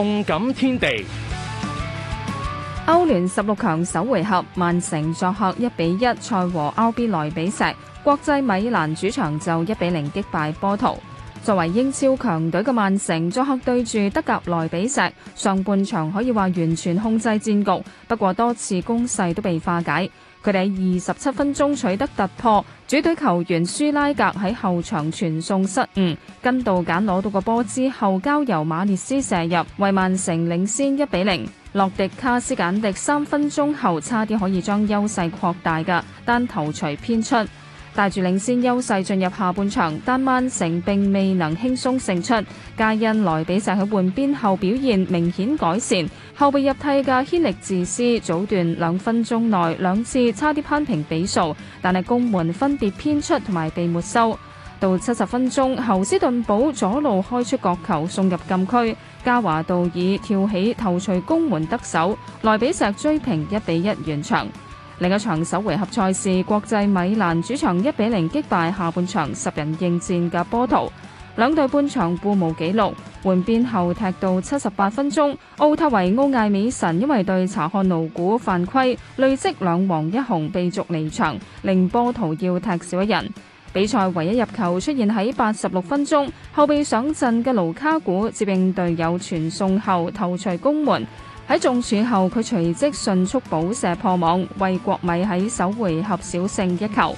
動感天地，歐聯十六強首回合，曼城作客一比一賽和 RB 萊比錫，國際米蘭主場就一比零擊敗波圖。作為英超強隊嘅曼城，作客對住德甲萊比錫，上半場可以話完全控制戰局，不過多次攻勢都被化解。佢哋喺二十七分鐘取得突破，主隊球員舒拉格喺後場傳送失誤，根道簡攞到個波之後交由馬列斯射入，為曼城領先一比零。洛迪卡斯簡迪三分鐘後差啲可以將優勢擴大噶，單頭錘偏出。帶住領先優勢進入下半場，但曼城並未能輕鬆勝出。皆因萊比錫喺換邊後表現明顯改善，後備入替嘅軒力自私早段兩分鐘內兩次差啲攀平比數，但係攻門分別偏出同埋被沒收。到七十分鐘，侯斯頓堡左路開出角球送入禁區，嘉華道爾跳起頭槌攻門得手，萊比錫追平一比一完場。另一場首回合賽事，國際米蘭主場一比零擊敗下半場十人應戰嘅波圖，兩隊半場互無紀錄。換邊後踢到七十八分鐘，奧塔維奧艾美神因為對查漢奴古犯規累積兩黃一紅被逐離場，令波圖要踢少一人。比賽唯一入球出現喺八十六分鐘，後備上陣嘅盧卡古接應隊友傳送後頭槌攻門。喺中柱後，佢隨即迅速補射破網，為國米喺首回合小勝一球。